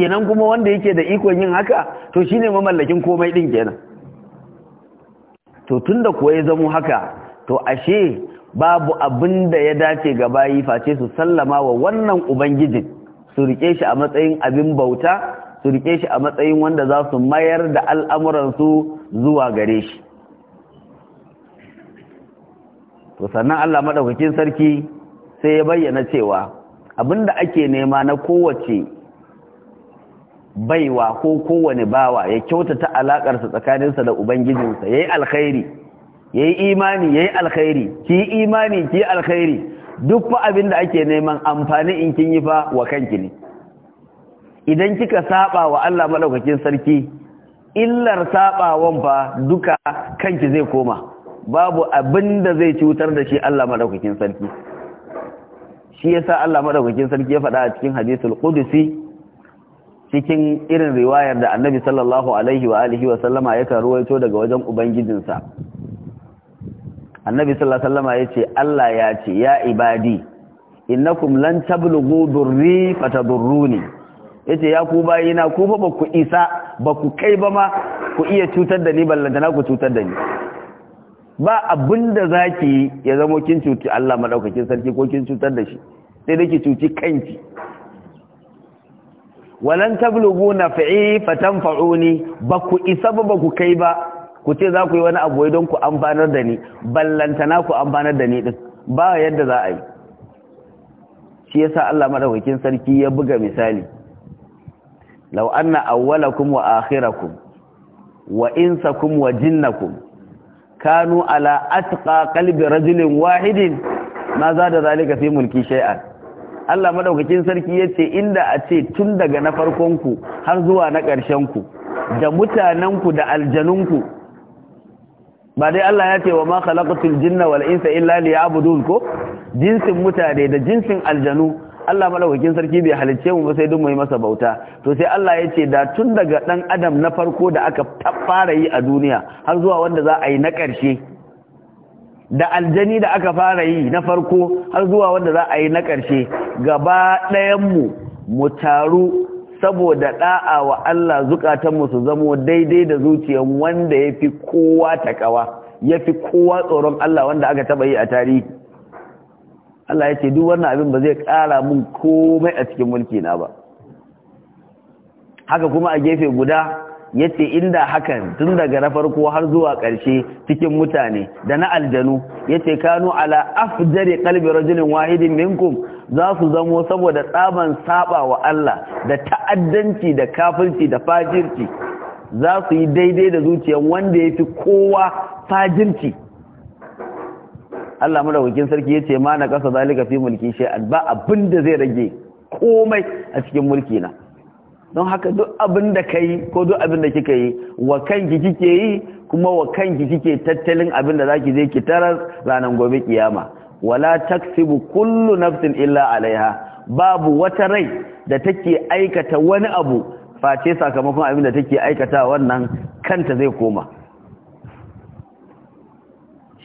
kenan kuma wanda yake da ikon yin haka to shine mamallakin komai din kenan to tunda kuwa ya zamo haka to ashe babu abin da ya dace ga bayi face su sallama wa wannan ubangijin su rike shi a matsayin abin bauta su rike shi a matsayin wanda za su mayar da al'amuran su zuwa gare shi to sannan Allah madaukakin sarki sai ya bayyana cewa abinda ake nema na kowace baiwa ko kowane bawa ya kyautata alakarsa tsakaninsa da ubangijinsa yayi alkhairi yayi imani yayi alkhairi ki imani ki alkhairi duk fa abin da ake neman amfani in kin yi fa wa kanki ne idan kika saba wa Allah madaukakin sarki illar sabawan fa duka kanki zai koma babu abin da zai cutar da shi Allah madaukakin sarki shi yasa Allah madaukakin sarki ya faɗa a cikin hadisul qudsi cikin irin riwayar da annabi sallallahu alaihi wa alihi wa sallama ya ruwaito daga wajen ubangijinsa annabi sallallahu alaihi wa sallama ya ce Allah ya ce ya ibadi innakum lan tablughu durri fatadurruni yace ya ku bayina ku fa ku isa ku kai ba ma ku iya cutar da ni na ku cutar da ni ba abinda zaki ya zamo kin cuci Allah madaukakin sarki ko kin cutar da shi sai ki cuci kanki walan tablugu naf'i fatanfa'uni ba ku isa ba ku kai ba ku ce za ku yi wani abu don ku amfanar da ni ballantana ku amfanar da ni din ba yadda za a yi shi yasa Allah madaukakin sarki ya buga misali law anna awwalakum wa akhirakum wa insakum wa jinnakum kanu ala atqa qalbi rajulin wahidin ma zada zalika fi mulki shay'an Allah madaukakin sarki ya ce inda a ce tun daga na farkonku har zuwa na ƙarshenku da mutanenku da aljanunku ba dai Allah ya ce wa ma khalaqatul jinna wal insa illa liya'budun ko jinsin mutane da jinsin aljanu Allah madaukakin sarki bai halicce mu ba sai dun mu yi masa bauta to sai Allah ya ce da tun daga dan adam na farko da aka fara yi a duniya har zuwa wanda za a yi na ƙarshe da aljani da aka fara yi na farko har zuwa wanda za a yi na ƙarshe gaba ɗayanmu mu taru saboda ɗa'a wa Allah zukatanmu su zamo daidai da zuciyar wanda ya fi kowa taƙawa ya fi kowa tsoron Allah wanda aka taɓa yi a tarihi Allah ya ce duk wannan abin ba zai ƙara mun komai a cikin mulki na ba haka kuma a gefe guda ya ce inda hakan tun daga na farko har zuwa ƙarshe cikin mutane da na aljanu ya ce kanu ala afjari kalbi rajulin wahidin minkum za su zamo saboda tsaban saba wa Allah da ta'addanci da kafirci da fajirci za su yi daidai da zuciyar wanda ya fi kowa fajirci Allah madaukakin sarki ya ce ma na ƙasa zalika fi mulki shay'an ba abin da zai rage komai a cikin mulki na don haka duk abin da ka yi ko duk abin da kika yi wa kanki kike yi kuma wa kanki kike tattalin abin da zaki je ki tarar ranar gobe kiyama wala taksibu kullu nafsin illa alaiha babu wata rai da take aikata wani abu face sakamakon abin da take aikata wannan kanta zai koma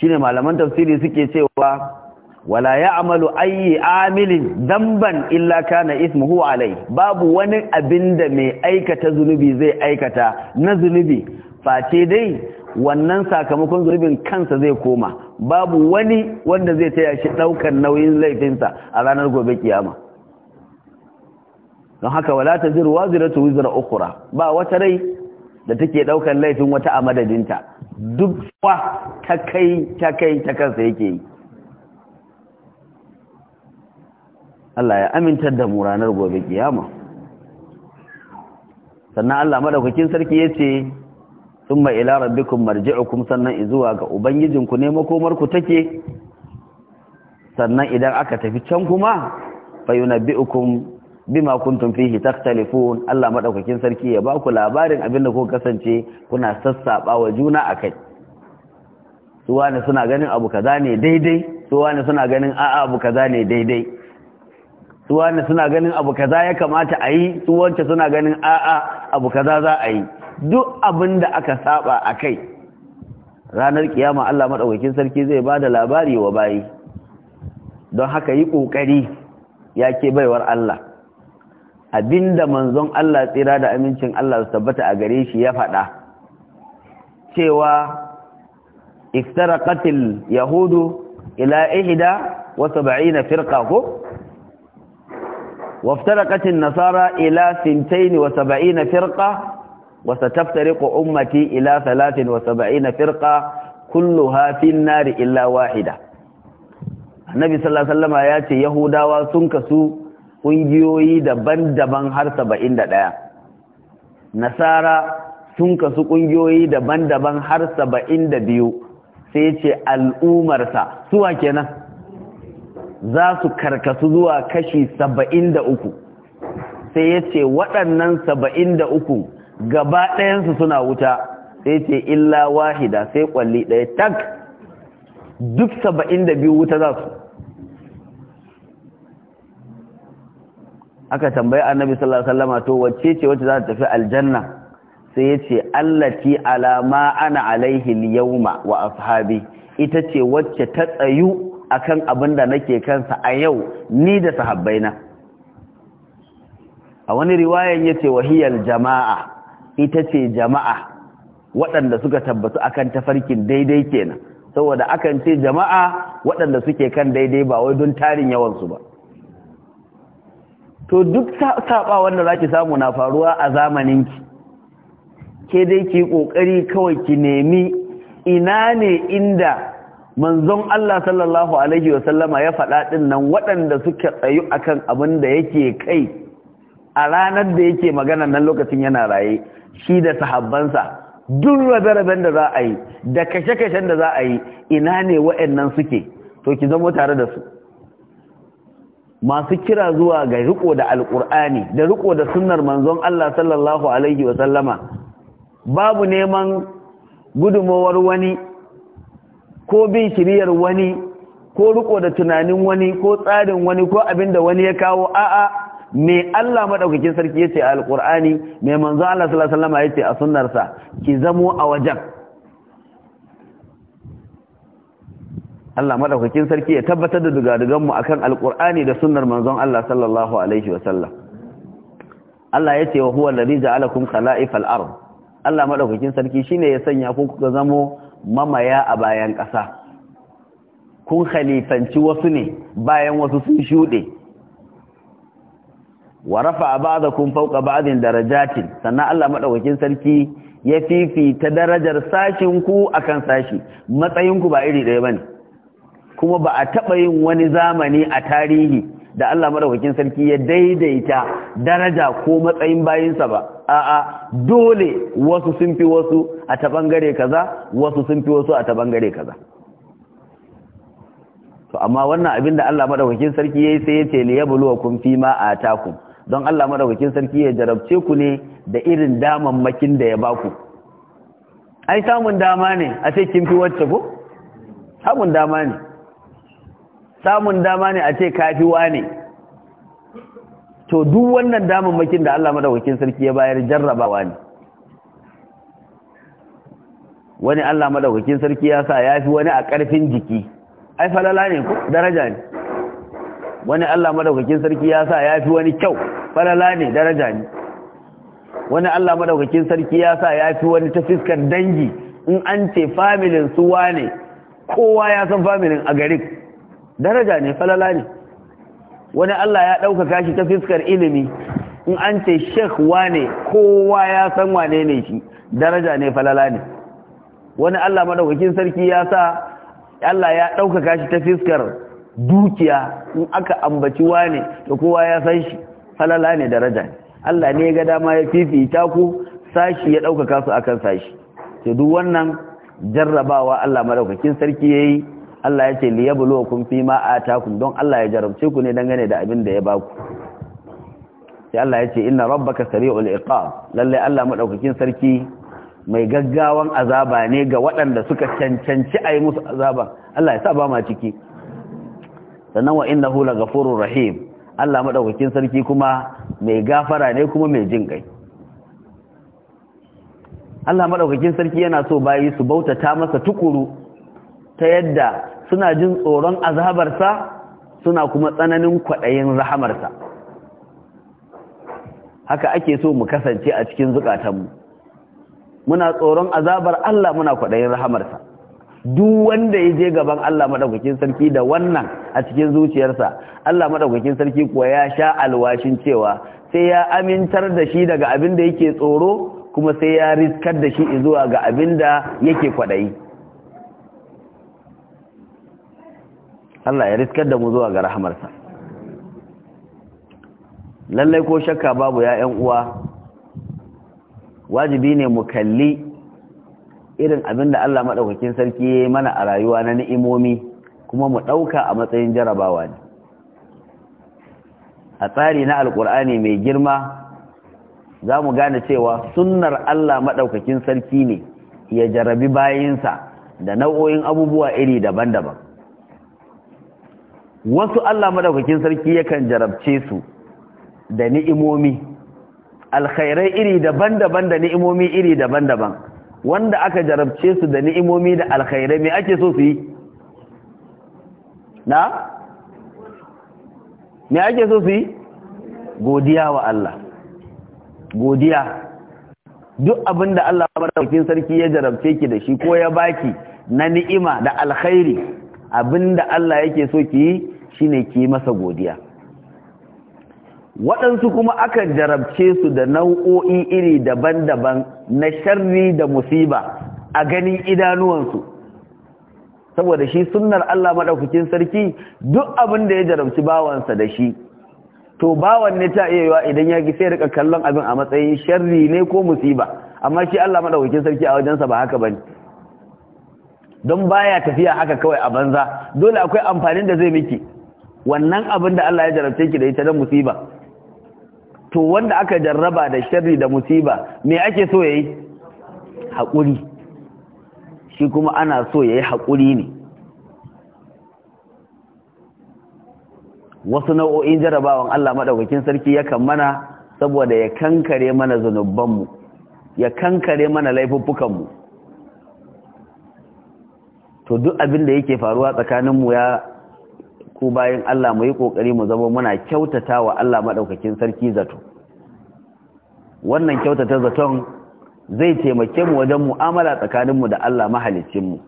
shine malaman tafsiri suke cewa wala ya amalu ayi amilin damban illa kana ismuhu alai babu wani abin da mai aikata zunubi zai aikata na zunubi face dai wannan sakamakon zunubin kansa zai koma babu wani wanda zai taya shi daukan nauyin laifinsa a ranar gobe kiyama don haka wala taziru waziratu wizra ukhra ba wata rai da take daukan laifin wata a madadinta duk wa ta kai ta kai ta kansa yake yi Allah ya amintar da mu ranar gobe kiyama sannan Allah madaukakin sarki yace thumma ila rabbikum marji'ukum sannan zuwa ga ubangijin ku ne makomar ku take sannan idan aka tafi can kuma fayunabbi'ukum bima kuntum fihi takhtalifun Allah madaukakin sarki ya baku labarin abinda kuka kasance kuna sassaba wa juna akai su wani suna ganin abu kaza ne daidai su suna ganin a'a abu kaza ne daidai su wani suna ganin abu kaza ya kamata a yi su suna ganin a'a abu kaza za a yi duk abin da aka saba a kai ranar kiyama Allah maɗaukakin sarki zai ba da labari wa bayi don haka yi ƙoƙari ya ke baiwar Allah abinda manzon Allah tsira da amincin Allah su tabbata a gare shi ya faɗa cewa iftaraqatil yahudu ila ihda wa 70 firqa ko وافترقت النصارى إلى سنتين وسبعين فرقة وستفترق أمتي إلى ثلاث وسبعين فرقة كلها في النار إلا واحدة النبي صلى الله عليه وسلم ياتي يهودا وسنكسو ƙungiyoyi daban-daban har saba'in da ɗaya nasara sun kasu ƙungiyoyi daban-daban har saba'in da biyu sai ce al'umarsa suwa kenan za su karkasu zuwa kashi saba'in da uku sai ya ce waɗannan saba'in da uku gaba ɗayansu suna wuta sai ce illa wahida sai ƙwalli ɗaya tak duk saba'in da biyu wuta za su aka tambayi annabi sallallahu alaihi wasallama to wacce ce wacce za ta tafi aljanna sai ya ce allati ala ma ana alaihi al-yawma wa ashabi ita ce wacce ta tsayu akan abin da nake kansa a yau ni da sahabbaina a wani riwayan yace wahiyal jama'a ita ce jama'a waɗanda suka tabbatu akan tafarkin daidai kenan saboda akan ce jama'a waɗanda suke kan daidai ba wai don tarin su ba to duk saba wanda zaki samu na faruwa a zamanin ki, ke dai ki kokari kawai ki nemi ina ne inda manzon Allah sallallahu alaihi wasallama ya faɗa ɗin nan waɗanda suka tsayu a kan abin da yake kai a ranar da yake magana nan lokacin yana raye shi da sahabbansa duk rabe-raben da za a yi da kashe-kashen da za a yi ina ne waɗannan suke to ki zamo tare da su masu kira zuwa ga riko da alƙur'ani da riko da sunnar manzon Allah sallallahu alaihi wasallama babu neman gudumowar wani ko bin shiriyar wani ko riko da tunanin wani ko tsarin wani ko abin da wani ya kawo a'a me Allah madaukakin sarki yace a alqur'ani me manzo Allah sallallahu alaihi wasallam yace a sunnarsa ki zamo a wajen Allah madaukakin sarki ya tabbatar da dugadugan mu akan alqur'ani da sunnar manzon Allah sallallahu alaihi wasallam Allah yace wa huwa allazi ja'alakum khala'ifal ard Allah madaukakin sarki shine ya sanya ku kuka zamo mamaya a bayan ƙasa kun khalifanci wasu ne bayan wasu sun shuɗe wa rafa kun fawqa ba'din darajatin sannan Allah maɗaukakin sarki ya fifita darajar sashinku ku akan sashi Matsayinku ba iri ɗaya ba ne. kuma ba a taɓa yin wani zamani a tarihi da Allah madaukakin sarki ya daidaita daraja ko matsayin bayinsa ba a'a dole wasu sun fi wasu a ta bangare kaza wasu sun fi wasu a ta bangare kaza to amma wannan abin da Allah madaukakin sarki yayi sai yace li yabluwakum fi ma ataku don Allah madaukakin sarki ya jarabce ku ne da irin daman makin da ya baku ai samun dama ne a ce kin fi wacce ko samun dama ne samun dama ne a ce kafi wane to duk wannan makin da Allah madawakin sarki ya bayar jarrabawa ne wani Allah madawakin sarki ya sa yafi wani a ƙarfin jiki ai falala ne ku daraja ne wani Allah madawakin sarki ya sa yafi wani kyau falala ne daraja ne wani Allah madawakin sarki ya sa yafi wani ta fiskar dangi in an ce familin su wane kowa ya san familin a garin daraja ne falala ne wani Allah ya ɗaukaka shi ta fiskar ilimi in an ce sheikh wane kowa ya san wane ne shi daraja ne falala ne wani Allah madaukakin sarki ya sa Allah ya ɗaukaka shi ta fiskar dukiya in aka ambaci wane da kowa ya san shi falala ne daraja ne Allah ne ga dama ya fifita ku sashi ya ɗaukaka su akan sashi to duk wannan jarrabawa Allah maɗaukakin sarki ya yi. Allah ya ce kun fi ma atakum don Allah ya jarabce ku ne dangane da abin da ya baku sai Allah ya ce inna rabbaka sari'ul iqab lalle Allah madaukakin sarki mai gaggawan azaba ne ga waɗanda suka cancanci ayi musu azaba Allah ya sa ba ma ciki sannan wa innahu laghafurur rahim Allah madaukakin sarki kuma mai gafara ne kuma mai jin kai Allah madaukakin sarki yana so bayi su bautata masa tukuru ta yadda suna jin tsoron azabarsa suna kuma tsananin kwaɗayin rahamarsa haka ake so mu kasance a cikin zukatanmu muna tsoron azabar Allah muna kwaɗayin rahamarsa duk wanda ya je gaban Allah madaukakin sarki da wannan a cikin zuciyarsa Allah madaukakin sarki kuwa ya sha alwashin cewa sai ya amintar da shi daga abin da yake tsoro kuma sai ya riskar da shi zuwa ga abin da yake kwaɗayi Allah ya riskar da mu zuwa ga rahamarsa lallai ko shakka babu 'ya'yan uwa wajibi ne mu kalli irin abin da Allah maɗaukakin sarki ya yi mana a rayuwa na ni'imomi kuma mu ɗauka a matsayin jarabawa ne a tsari na alkur'ani mai girma za mu gane cewa sunnar Allah maɗaukakin sarki ne ya jarabi bayinsa da nau'o'in abubuwa iri daban-daban wasu Allah madaukakin sarki yakan jarabce su da ni'imomi alkhairai iri daban-daban da ni'imomi iri daban-daban wanda aka jarabce su da ni'imomi da alkhairai me ake so su yi na me ake so su yi godiya wa Allah godiya duk abin da Allah madaukakin sarki ya jarabce ki da shi ko ya baki na ni'ima da alkhairi abinda Allah yake so ki yi shine ki masa godiya waɗansu kuma aka jarabce su da nau'o'i iri daban-daban na sharri da musiba a ganin idanuwansu saboda shi sunnar Allah maɗaukakin sarki duk abin da ya jarabci bawansa da shi to bawan ne ta iya yiwa idan ya sai rika kallon abin a matsayin sharri ne ko musiba amma shi Allah maɗaukakin sarki a wajensa ba haka bane don baya tafiya haka kawai a banza dole akwai amfanin da zai miki wannan abin da Allah ya jarabce ki da ita dan musiba to wanda aka jarraba da sharri da musiba me ake so yayi hakuri shi kuma ana so yayi hakuri ne wasu nau'o'in jarabawan Allah madaukakin sarki yakan mana saboda ya kankare mana mu, ya kankare mana laifuffukanmu to duk abin da yake faruwa tsakaninmu ya ko bayan Allah mu yi kokari mu zama muna kyautata wa Allah madaukakin sarki zato wannan kyautata zaton zai taimake mu wajen mu'amala tsakanin mu da Allah mahaliccin mu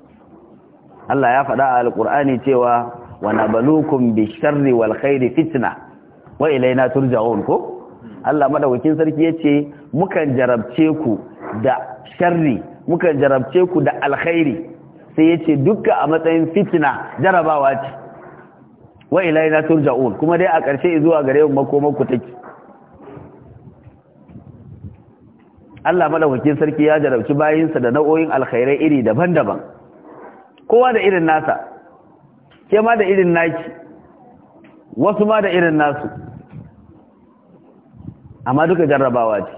Allah ya faɗa a alqur'ani cewa wa nabalukum sharri wal khairi fitna wa ilaina turja'un ko Allah madaukakin sarki yace mukan jarabce ku da sharri mukan jarabce ku da alkhairi sai yace dukka a matsayin fitna jarabawa ce wa ilaina turja'un kuma dai a ƙarshe zuwa gare mu makomar ku take Allah madaukakin sarki ya jarabci bayinsa da nau'o'in alkhairai iri daban-daban kowa da irin nasa ke ma da irin naki wasu ma da irin nasu amma duka jarrabawa ce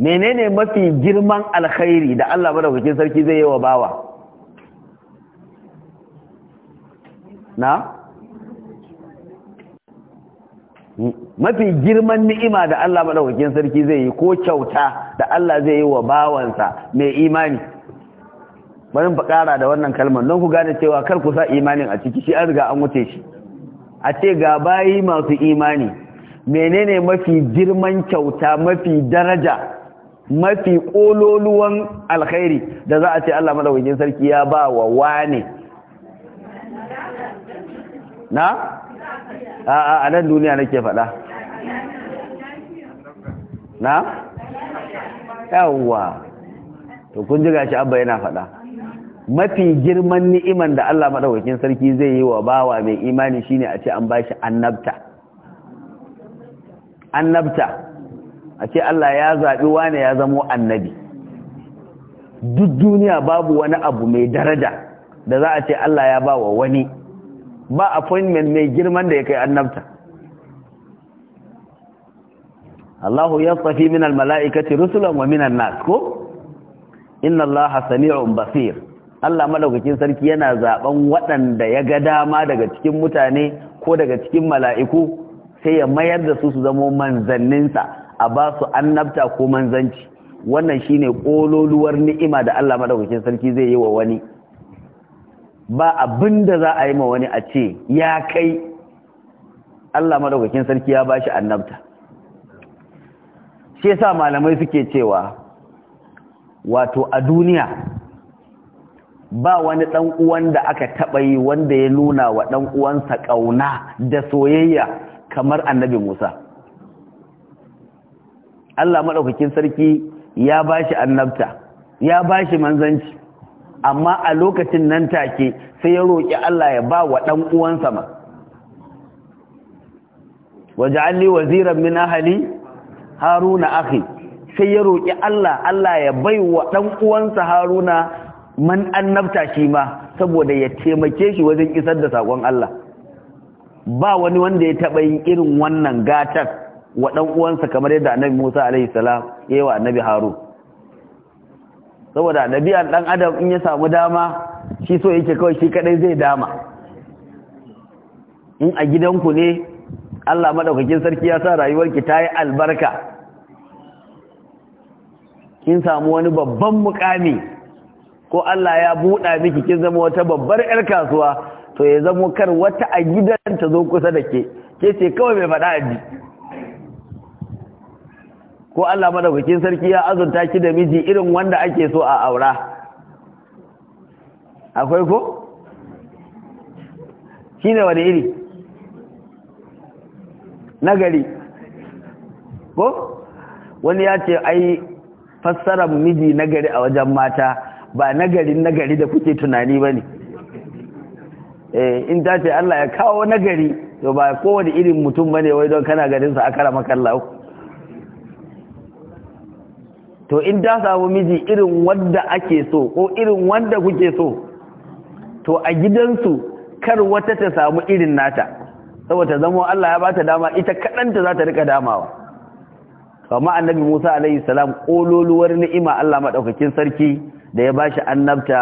menene mafi girman alkhairi da Allah madaukakin sarki zai yi wa bawa na mafi girman ni'ima da Allah maɗaukakin sarki zai yi ko kyauta da Allah zai yi wa bawansa mai imani bari fa ƙara da wannan kalmar don ku gane cewa kar ku sa imanin a ciki shi an riga an wuce shi a ce ga bayi masu imani menene mafi girman kyauta mafi daraja mafi ƙololuwan alkhairi da za a ce Allah maɗaukakin sarki ya ba wa wane na a a nan duniya nake faɗa na yawwa to kun ji gashi abba yana faɗa mafi girman ni'iman da Allah madaukakin sarki zai yi wa bawa mai imani shine a ce an bashi annabta annabta a ce Allah ya zaɓi wane ya zamo annabi duk duniya babu wani abu mai daraja da za a ce Allah ya ba wa wani ba appointment mai girman da ya kai annabta Allahu yastafi min almalaikati rusulan wa minan nas ko inna Allaha sami'un basir Allah madaukakin sarki yana zaben waɗanda ya ga dama daga cikin mutane ko daga cikin mala'iku sai ya mayar da su su zama manzanninsa a ba su annabta ko manzanci wannan shine kololuwar ni'ima da Allah madaukakin sarki zai yi wa wani ba abin da za a yi ma wani a ce ya kai Allah madaukakin sarki ya bashi annabta shi yasa malamai suke cewa wato a duniya ba wani dan uwan da aka taba yi wanda ya nuna wa dan uwansa kauna da soyayya kamar annabi Musa Allah madaukakin sarki ya bashi annabta ya bashi manzanci amma a lokacin nan take sai ya roƙi Allah ya ba wa ɗan uwansa ma waj'alni waziran min ahli haruna akhi sai ya roƙi Allah Allah ya bai wa ɗan uwansa haruna man annabta shi ma saboda ya taimake shi wajen isar da sakon Allah ba wani wanda ya taɓa yin irin wannan gatar wa ɗan uwansa kamar yadda annabi Musa alaihi salam yayi wa annabi Harun saboda ɗabi'ar ɗan adam in ya samu dama shi so yake kawai shi kaɗai zai dama in a gidanku ne Allah maɗaukakin sarki ya sa rayuwarki ta yi albarka kin samu wani babban mukami ko Allah ya buɗa miki kin zama wata babbar 'yar kasuwa to ya zama kar wata a gidan ta zo kusa da ke ke ce kawai mai faɗa a ko Allah madaukakin sarki ya azunta ki da miji irin wanda ake so a aura akwai ko kine wani iri nagari ko wani ya ce ai fassara miji nagari a wajen mata ba nagarin nagari da kuke tunani ba ne eh, in ta ce Allah ya kawo nagari to ba kowane irin mutum ba ne wai don kana garinsa a kara makallahu to in ta samu miji irin wanda ake so ko irin wanda kuke so to a gidansu kar wata ta samu irin nata saboda zamo Allah ya bata dama ita ta za ta rika damawa amma annabi Musa alaihi salam kololuwar ni'ima Allah madaukakin sarki da ya bashi annabta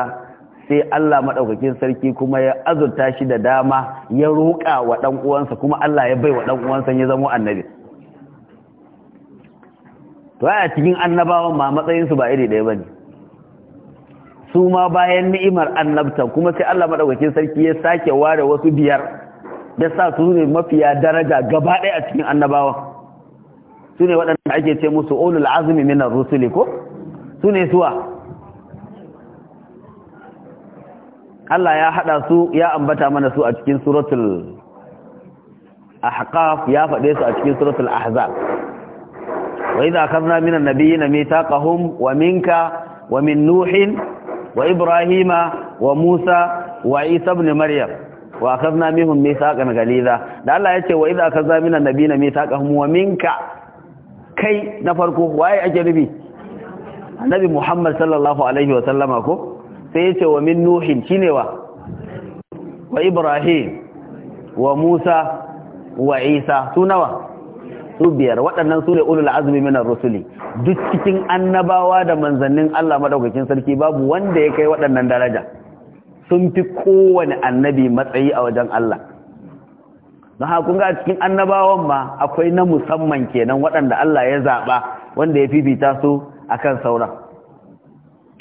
sai Allah madaukakin sarki kuma ya azurta shi da dama ya roƙa wa dan uwansa kuma Allah ya bai wa dan uwansa ya zamo annabi to a cikin annabawan ma su ba iri ɗaya ba ne su ma bayan ni'imar annabta kuma sai Allah maɗaukakin sarki ya sake ware wasu biyar ya sa su ne mafiya daraja gaba ɗaya a cikin annabawan su ne waɗanda ake ce musu ulul azumi minar rusuli ko su ne suwa Allah ya haɗa su ya ambata mana su a cikin suratul ahqaf ya faɗe su a cikin suratul ahzab wa idza akhadna minan nabiyina mithaqahum wa minka wa min nuhin wa ibrahima wa musa wa isa ibn maryam wa akhadna minhum mithaqan galiza da ya ce wa idza akhadna minan nabiyina mithaqahum wa minka kai na farko waye ake rubi annabi Muhammad sallallahu alaihi wa ko sai yace wa min nuhin shine wa wa ibrahim musa wa su biyar waɗannan su ne ulul azumi minar rusuli duk cikin annabawa da manzannin Allah madaukakin sarki babu wanda ya kai waɗannan daraja sun fi kowane annabi matsayi a wajen Allah don haka kun ga cikin annabawan ma akwai na musamman kenan waɗanda Allah ya zaɓa wanda ya fifita su akan sauran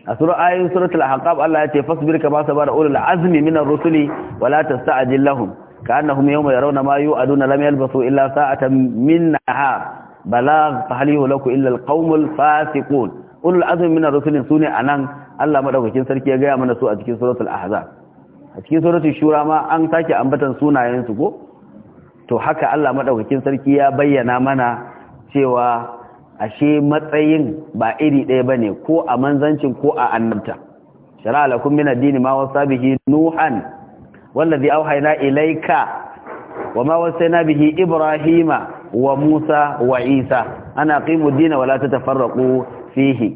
a sura ayoyin suratul Allah ya ce fasbir kama sabara ulul azmi minar rusuli wala tasta'jil lahum كأنهم يوم يرون ما يوعدون لم يلبثوا إلا ساعة من نهار بلاغ فهل يهلك إلا القوم الفاسقون أولو العزم من الرسل سوني أنان الله مدوكين سركي يا من سوء cikin suratul ahzab a cikin suratul shura ma an sake ambatan sunayen su ko to haka Allah maɗaukakin sarki ya bayyana mana cewa ashe matsayin ba iri ɗaya bane ko a manzancin ko a annabta shara lakum min ad ma wasa bihi nuhan wallazi auhayna ilayka wama wasayna bihi ibrahima wa musa wa isa ana qimu dina wala tatafarraqu fihi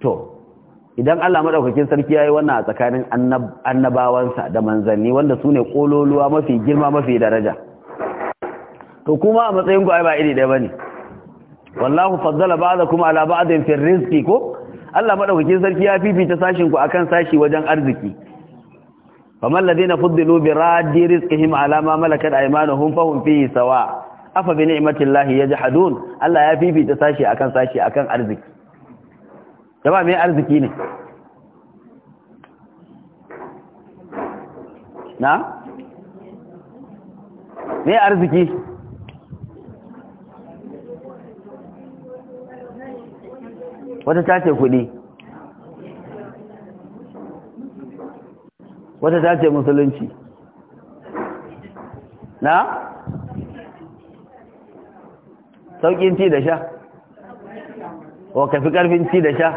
to idan Allah madaukakin sarki yayi wannan a tsakanin annabawansa da manzanni wanda sune kololuwa mafi girma mafi daraja to kuma a matsayin ku ai ba iri ɗaya bane wallahu faddala ba'dakum ala ba'din fi rizqi ko Allah madaukakin sarki ya fifita sashin ku akan sashi wajen arziki faman ladina fuddilu bi raddi rizqihim ala ma malakat aymanuhum fahum fihi sawa afa bi ni'matillahi yajhadun Allah ya fifita sashi akan sashi akan arziki jama'a mai arziki ne na me arziki wata ta ce kuɗi wata ta ce musulunci na sauƙin ci da sha wa kafi ƙarfin ci da sha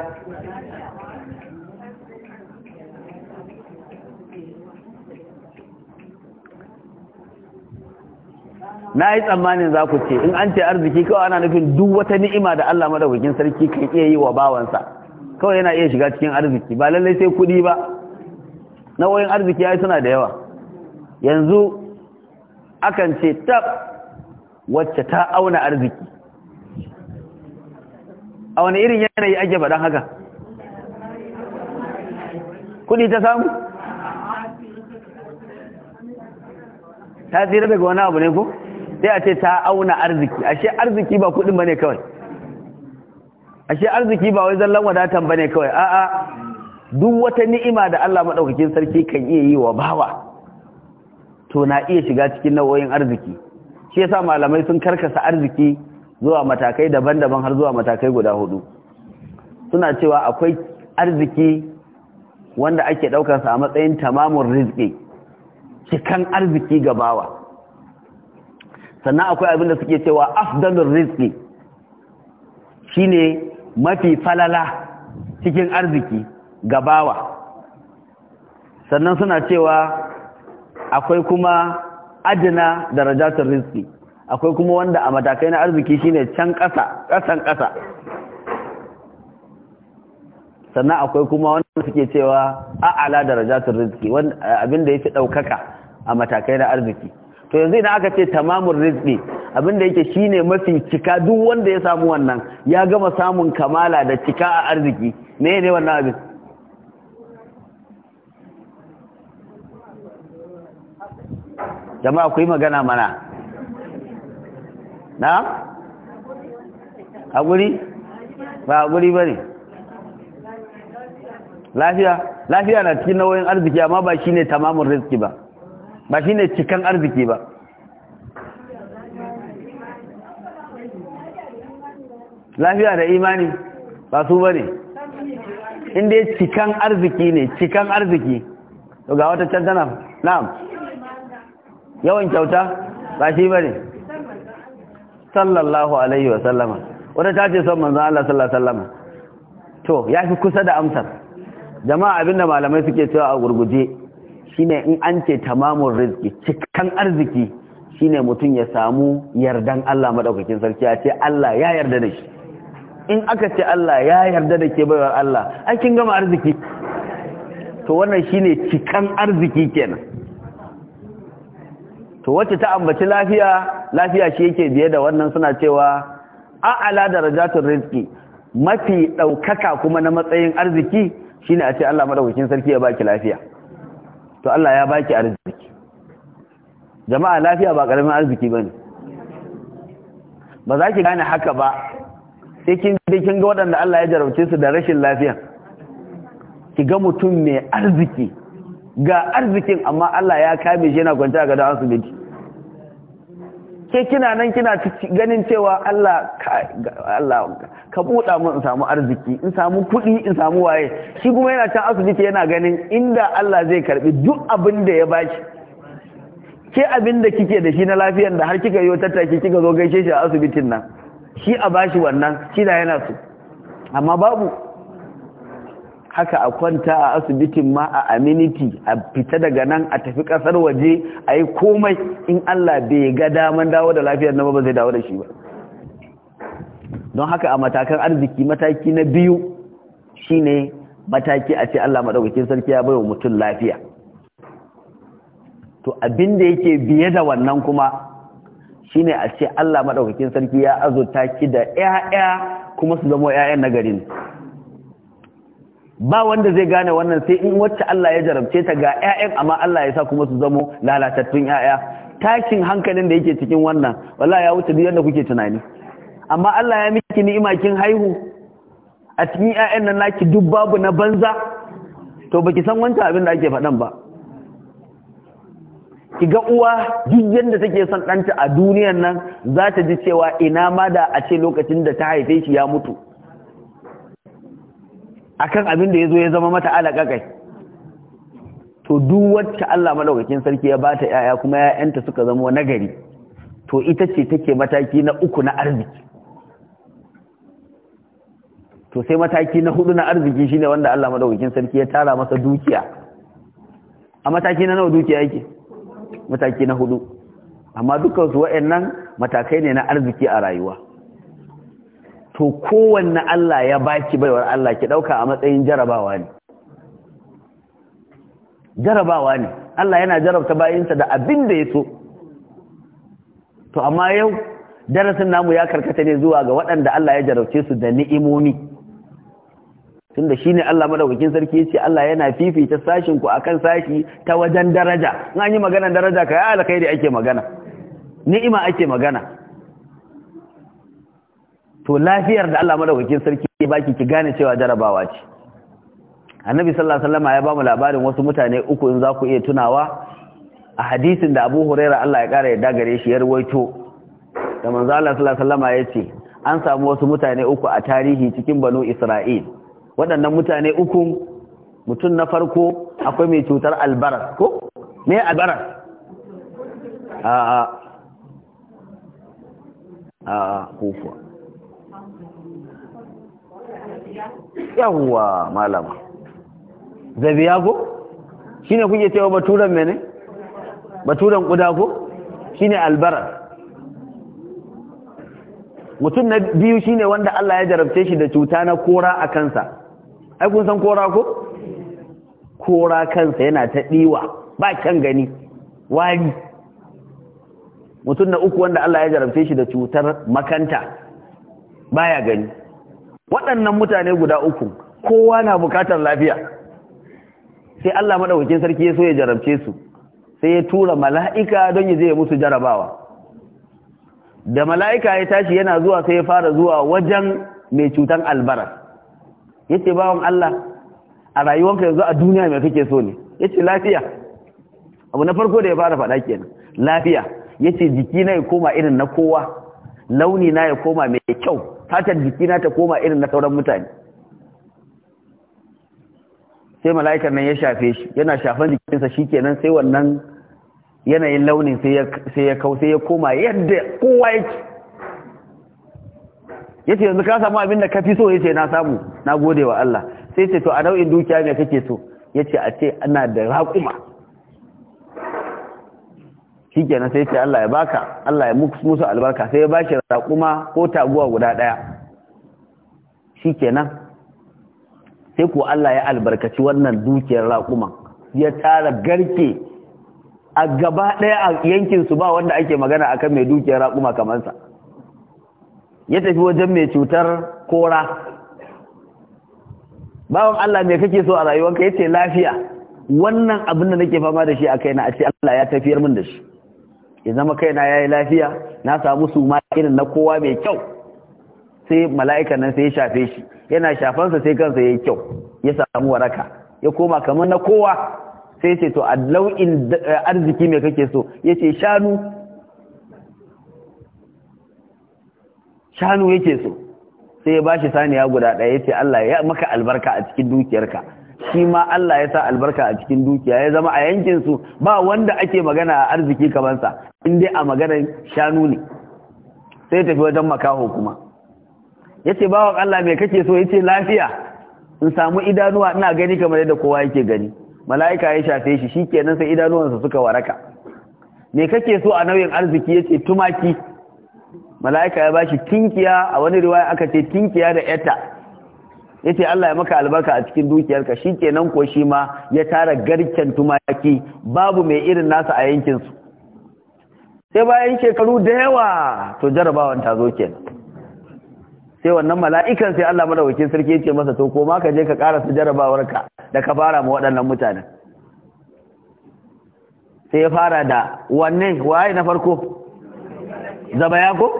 na yi tsammanin za ku ce in an ce arziki kawai ana nufin duk wata ni'ima da Allah madaukakin sarki kan iya yi wa bawansa kawai yana iya shiga cikin arziki ba lallai sai kuɗi ba nau'o'in arziki yi suna da yawa yanzu akan ce ta wacce ta auna arziki a wani irin yanayi ake faɗan haka kuɗi ta samu ta tsira daga wani abu ne ko? sai a ce ta auna arziki ashe arziki ba kudin bane kawai ashe arziki ba wai zallan wadatan bane kawai a'a duk wata ni'ima da Allah madaukakin sarki kan iya yi wa bawa to na iya shiga cikin nau'o'in arziki shi yasa malamai sun karkasa arziki zuwa matakai daban-daban har zuwa matakai guda hudu suna cewa akwai arziki wanda ake sa a matsayin tamamun rizqi cikan arziki ga bawa sannan akwai abin da suke cewa afdalur rizqi shine mafi falala cikin arziki gabawa sannan suna cewa akwai kuma adina darajatul rizqi akwai kuma wanda a matakai na arziki shine can ƙasa ƙasan ƙasa sannan akwai kuma wanda suke cewa a'ala darajatul rizqi wanda ya fi daukaka a matakai na arziki to yanzu idan aka ce tamamur rizqi abinda yake shine mafi cika duk wanda ya samu wannan ya gama samun kamala da cika a arziki me ne wannan abin jama'a ku yi magana mana na a guri ba a guri ba ne lafiya lafiya na cikin nauyin arziki amma ba shine tamamun rizki ba ba shi ne cikan arziki ba lafiya da imani ba su ba ne inda ya cikan arziki ne cikan arziki to ga wata can tana na'am yawan kyauta ba shi ba ne sallallahu alaihi wa sallama wata ta ce son manzan Allah sallallahu sallama to ya fi kusa da amsar jama'a abinda malamai suke cewa a gurguje shine in an ce tamamun rizki cikan arziki shine mutum ya samu yardan Allah madaukakin sarki ya ce Allah ya yarda da shi in aka ce Allah ya yarda da ke baiwar Allah aikin gama arziki to wannan shine cikan arziki kenan to wacce ta ambaci lafiya lafiya shi yake biye da wannan suna cewa a'ala rajatun rizki mafi ɗaukaka kuma na matsayin arziki shine a ce Allah madaukakin sarki ya baki lafiya to Allah ya baki arziki jama'a lafiya ba karamin arziki bane ba za ki gane haka ba sai kin kin ga waɗanda Allah ya jarabce su da rashin lafiya ki ga mutum mai arziki ga arzikin amma Allah ya kame shi yana kwanta ga da asibiti ke kina nan kina ganin cewa Allah Allah ka buɗa mun in samu arziki in samu kuɗi in samu waye shi kuma yana can asibiti yana ganin inda Allah zai karbi duk abin da ya bashi ke abin da kike da shi na lafiyar da har kika yi tattaki kika zo gaishe shi a asibitin nan shi a bashi wannan shi da yana su amma babu haka a kwanta a asibitin ma a aminiti a fita daga nan a tafi kasar waje a yi komai in Allah bai ga daman dawo da lafiyar nan ba zai dawo da shi ba don haka a matakan arziki mataki na biyu shine mataki a ce Allah maɗaukakin sarki ya bai wa mutum lafiya to abin da yake biye da wannan kuma shine a ce Allah maɗaukakin sarki ya azurta ki da 'ya'ya kuma su zama 'ya'yan nagarin. ba wanda zai gane wannan sai in wacce Allah ya jarabce ta ga 'ya'yan amma Allah ya sa kuma su zamo lalatattun 'ya'ya. Takin hankalin da yake cikin wannan wallahi ya wuce duk yadda kuke tunani amma Allah ya miki ni'ima kin haihu a cikin 'ya'yan nan naki duk babu na banza to baki san wancan abin da ake faɗan ba ki ga uwa duk yadda take son ɗanta a duniyar nan za ta ji cewa ina ma da a ce lokacin da ta haife shi ya mutu akan abin da ya zo ya zama mata alaƙaƙai to duk wacce Allah madaukakin sarki ya bata yaya kuma yayanta suka zama nagari to ita ce take mataki na uku na arziki to sai mataki na hudu na arziki shine wanda Allah madaukakin sarki ya tara masa dukiya a mataki na nawa dukiya yake mataki na hudu amma dukkan su waɗannan matakai ne na arziki a rayuwa to kowanne Allah ya baki baiwar Allah ki ɗauka a matsayin jarabawa ne jarabawa ne Allah yana jarabta bayinsa da abin da ya so to amma yau darasin namu ya karkata ne zuwa ga waɗanda Allah ya jarabce su da ni'imomi tunda ne Allah madaukakin sarki yace Allah yana fifita sashin ku akan sashi ta wajen daraja in an yi magana daraja kai kai da ake magana ni'ima ake magana to lafiyar da Allah madaukakin sarki ya baki ki gane cewa jarabawa ce annabi sallallahu alaihi wasallam ya ba mu labarin wasu mutane uku in za ku iya tunawa a hadisin da Abu Hurairah Allah ya kara yadda gare shi ya ruwaito da manzo Allah sallallahu alaihi wasallam ya ce an samu wasu mutane uku a tarihi cikin Banu Isra'il waɗannan mutane uku mutum na farko akwai mai cutar albaras ko me albaras a a a kufa yawwa malama ko shine kuke cewa baturan mene baturan kuda ko shine albara mutum na biyu shine wanda Allah ya jarabce shi da cuta na kora a kansa ai kun san kora ko kora kansa yana ta diwa ba kan gani wani mutum na uku wanda Allah ya jarabce shi da cutar makanta baya gani waɗannan mutane guda uku kowa na bukatar lafiya sai Allah madaukakin sarki ya so ya jarabce su sai ya tura mala'ika don ya je musu jarabawa da mala'ika ya tashi yana zuwa sai ya fara zuwa wajen mai cutan albaras yace bawan Allah a rayuwanka yanzu a duniya mai kake so ne yace lafiya abu na farko da ya fara faɗa kenan lafiya yace jiki na ya koma irin na kowa launi na ya koma mai kyau fatar jikina ta koma irin na sauran mutane sai mala'ikan nan ya shafe shi yana shafan jikinsa shi shikenan sai wannan yanayin launin sai ya kau sai ya koma yadda kowa yake ce yanzu ka samu abin da kafi so yace na samu na gode wa Allah sai ce to a nau'in dukiya ne kake so yace a ce ana da raƙuma shi sai ce Allah ya baka Allah ya musu albarka sai ya bashi raƙuma ko taguwa guda ɗaya shi sai ku Allah ya albarkaci wannan dukiyar raƙuman ya tara garke a gaba ɗaya a yankin su ba wanda ake magana akan mai dukiyar raƙuma kamansa ya tafi wajen mai cutar kora bawon Allah mai kake so a rayuwanka yace lafiya wannan abin da nake fama da shi a kaina a ce Allah ya tafiyar min da shi ya zama kaina yi lafiya na samu suma irin na kowa mai kyau sai mala'ikan nan sai ya shafe shi yana shafansa sai kansa yayi kyau ya samu waraka ya koma kamar na kowa sai ce to a lau'in eh, arziki mai kake so yace shanu shanu yake so sai ya bashi saniya guda ɗaya yace Allah ya maka albarka a cikin dukiyarka shi ma Allah ya sa albarka a cikin dukiya ya zama a yankin su ba wanda ake magana a arziki kamansa. sa a maganar shanu ne sai tafi wajen makaho kuma yace bawan Allah me kake so yace lafiya in samu idanuwa ina gani kamar yadda kowa yake gani mala'ika ya shafe shi shi shikenan sai idanuwansa suka waraka me kake so a nauyin arziki yace tumaki mala'ika ya bashi tinkiya a wani riwaya aka ce tinkiya da yatta ya ce Allah ya maka albarka a cikin dukiyarka Shi ke nan ko shi ma ya tara garken tumaki babu mai irin nasa a yankin su sai bayan shekaru da yawa to jarabawan ta zo kenan sai wannan mala'ikan sai Allah madawakin sarki ya ce masa to ko ma ka je ka karasa jarabawarka da ka fara ma waɗannan mutane. sai ya fara da wannan waye na farko zabaya ko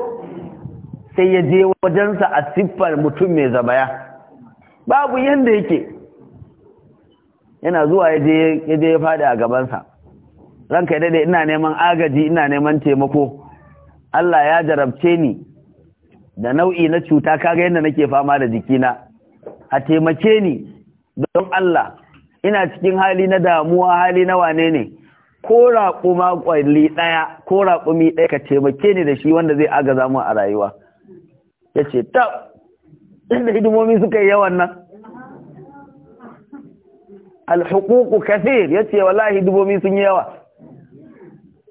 sai ya je wajensa a siffar mutum mai zabaya babu yanda yake yana zuwa yaje yaje ya fada a gabansa ranka kai dade ina neman agaji ina neman taimako Allah ya jarabce ni da nau'i na cuta kaga yadda nake fama da jikina a taimake ni don Allah ina cikin hali na damuwa hali na wane ne ko raƙuma ƙwalli ɗaya ko raƙumi ɗaya ka taimake ni da shi wanda zai agaza mu a rayuwa yace ce ta inda hidimomi suka yi yawan nan alhukuku kafir ya ce wala hidimomi sun yi yawa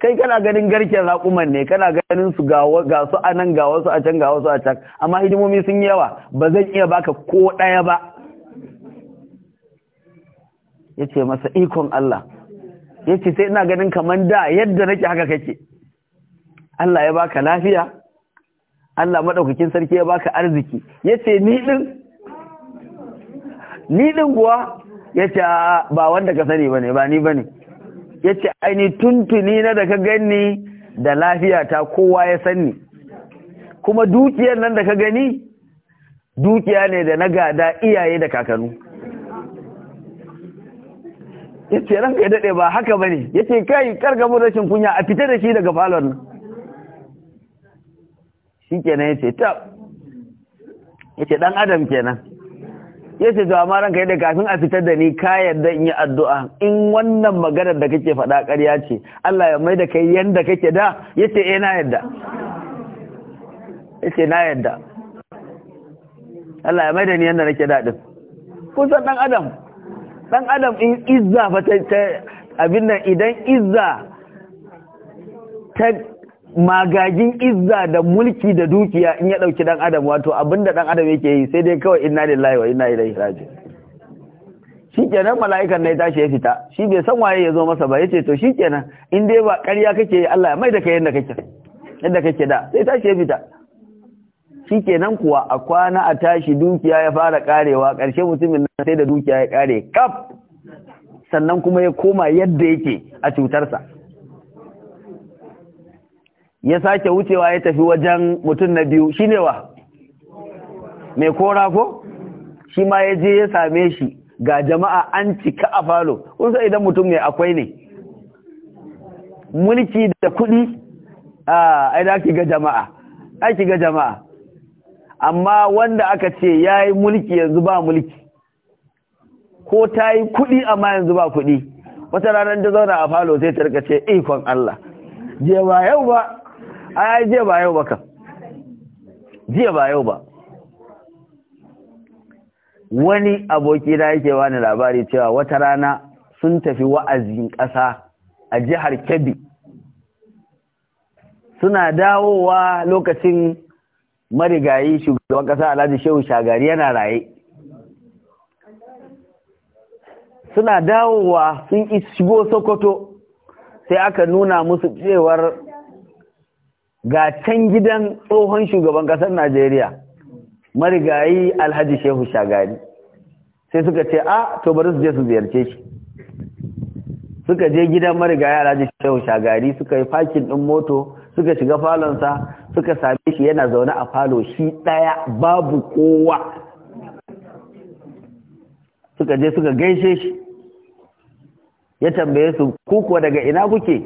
kai kana ganin garken raƙuman ne kana ganin su ga su a nan ga wasu a can ga wasu a can amma hidimomi sun yi yawa ba zan iya baka ko ɗaya ba ya ce masa ikon Allah ya ce sai ina ganin kamar da yadda nake haka kake Allah ya baka lafiya Allah maɗaukakin sarki ya baka arziki ya ce ni ɗin ni kuwa ya ce ba wanda ka sani ba ne ba ni ba ne ya ce aini tuntuni na da ka gani da lafiya ta kowa ya sani kuma dukiyar nan da ka gani dukiya ne da na gada iyaye da kakanu ya ce ranka ya daɗe ba haka ba ne ya ce kai mu rashin kunya a fita da shi daga falon nan shi kenan ya ce ta ya ce ɗan adam kenan ya ce to amma yi da kafin a fitar da ni ka yadda in yi addu'a in wannan maganar da kake faɗa ƙarya ce Allah ya mai da kai yanda kake da ya ce eh na yadda ya ce na yadda Allah ya mai da ni yanda nake daɗin kusan ɗan adam ɗan adam in izza fa ta abin nan idan izza ta Magajin izza da mulki da dukiya in ya ɗauki ɗan adam wato abinda ɗan adam yake yi sai dai kawai inna lillahi wa da ilaihi shi shikenan mala'ikan ya tashi ya fita shi bai san waye ya zo masa ba yace to shikenan in dai ba karya kake yi Allah ya mai da kai yadda kake yadda kake da sai tashi ya fita shikenan kuwa a kwana a tashi dukiya ya fara karewa ƙarshe mutumin nan sai da dukiya ya kare kaf sannan kuma ya koma yadda yake a cutarsa ya sake wucewa ya tafi wajen mutum na biyu shi ne wa mai kora ko shi ma ya je ya same shi ga jama'a an cika a falo kun idan mutum mai akwai ne mulki da kuɗi a aida ki ga jama'a ake ga jama'a amma wanda aka ce ya yi mulki yanzu ba mulki ko ta yi kuɗi amma yanzu ba kuɗi wata ranar da zauna a falo sai ta rikace ikon Allah je ba yau ba ai jiya ba yau ba ka jiya ba yau ba wani aboki da yake bani labari cewa wata rana sun tafi wa'azin ƙasa a jihar Kebbi suna dawowa lokacin marigayi shugaban ƙasa Alhaji Shehu Shagari yana raye suna dawowa sun shigo Sokoto sai aka nuna musu cewar ga can gidan tsohon shugaban ƙasar Najeriya marigayi Alhaji Shehu Shagari sai suka ce a to bari su je su ziyarce shi suka je gidan marigayi Alhaji Shehu Shagari suka yi fakin ɗin moto suka shiga falonsa suka same shi yana zaune a falo shi ɗaya babu kowa suka je suka gaishe shi ya tambaye su ku kuwa daga ina kuke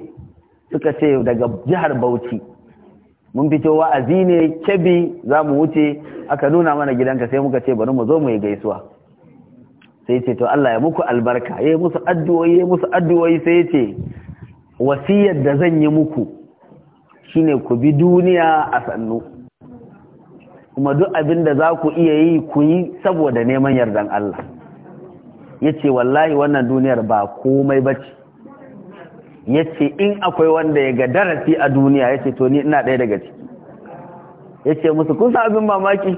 suka ce daga jihar Bauchi mun fito wa'azi ne kebi za mu wuce aka nuna mana gidanka sai muka ce bari mu zo mu yi gaisuwa sai ce to Allah ya muku albarka ya musu addu'o'i ya musu addu'o'i sai ya ce wasiyar da zan yi muku shine ku bi duniya a sannu kuma duk abin da za ku iya yi ku yi saboda neman yardan Allah ya ce wallahi wannan duniyar ba komai bace ya ce in akwai wanda ya ga darasi a duniya ya ce to ni ina ɗaya daga ciki ya ce musu kun sa abin mamaki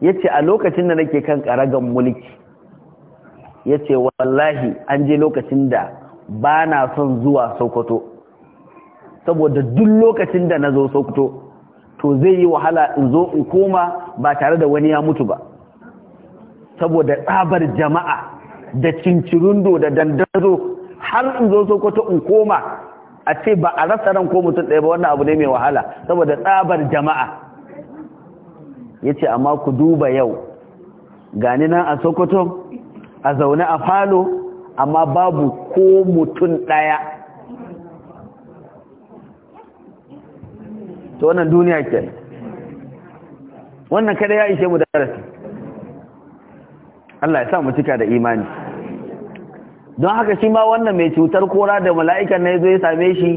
ya ce a lokacin da nake kan ƙaragan mulki ya ce wallahi an je lokacin da ba na son zuwa sokoto saboda duk lokacin da na zo sokoto to zai yi wahala in zo in koma ba tare da wani ya mutu ba saboda tsabar jama'a da cincirundo da dandazo har in zo sokoto in koma a ce ba a rasa ran ko mutum ɗaya ba wannan abu ne mai wahala saboda tsabar jama'a ya ce amma ku duba yau gani nan a sokoto a zaune a falo amma babu ko mutum ɗaya ta wannan duniya ke wannan kada ya ishe mu da Allah ya sa mu cika da imani don haka shi ma wannan mai cutar kora da mala'ikan na zo ya same shi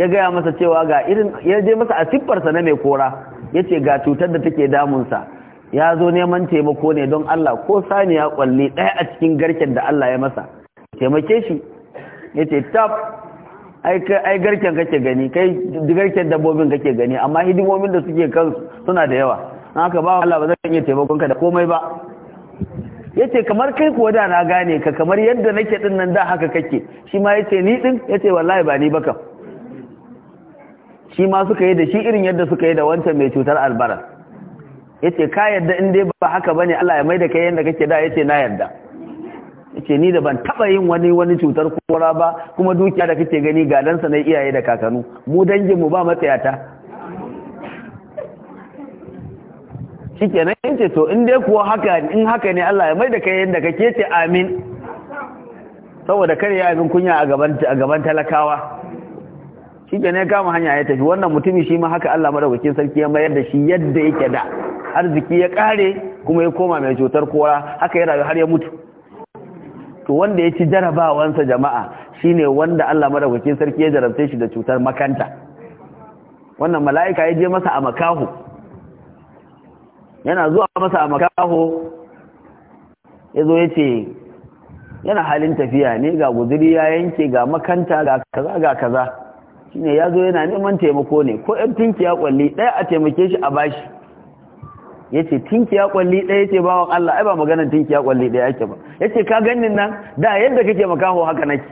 ya gaya masa cewa ga irin ya je masa a siffarsa na mai kora ya ce ga cutar da take damunsa ya zo neman taimako ne don Allah ko ya kwalli ɗaya a cikin garken da Allah ya masa taimake shi ya ce tap ai garken kake gani kai garken dabbobin kake gani amma hidimomin da suke kansu suna da yawa haka ba Allah ba zan iya taimakonka da komai ba yace kamar kai kuwa da na gane ka kamar yadda nake ɗin nan da haka kake shi ma yace ni din yace wallahi ba ni baka shi ma suka yi da shi irin yadda suka yi da wancan mai cutar albara yace ka yadda in dai ba haka ne Allah ya da kai yadda kake da yace na ya yace ni da ban taba yin wani wani cutar kora ba kuma dukiya da kake gani ga dansa na iyaye da kakannu mu dangin mu ba matsayata shikenan in ce to in dai kuwa haka in haka ne Allah ya mai da kai yadda kake ce amin saboda kare ya abin kunya a gaban a gaban talakawa shikenan ya kama hanya ya tafi wannan mutumi shi ma haka Allah madaukakin sarki ya mayar da shi yadda yake da arziki ya kare kuma ya koma mai cutar kora haka ya rayu har ya mutu to wanda ya ci jarabawansa jama'a shine wanda Allah madaukakin sarki ya jarabce shi da cutar makanta wannan mala'ika ya je masa a makahu yana zuwa masa a makaho ya zo ya ce yana halin tafiya ne ga guziri ya yanke ga makanta ga kaza ga kaza ne ya zo yana neman taimako ne ko ɗan ya kwalli ɗaya a taimake shi a bashi ya ce ya kwalli ɗaya ce ba wa Allah ai ba maganar ya kwalli ɗaya ake ba ya ce ka ganin nan da yadda kake makaho haka nake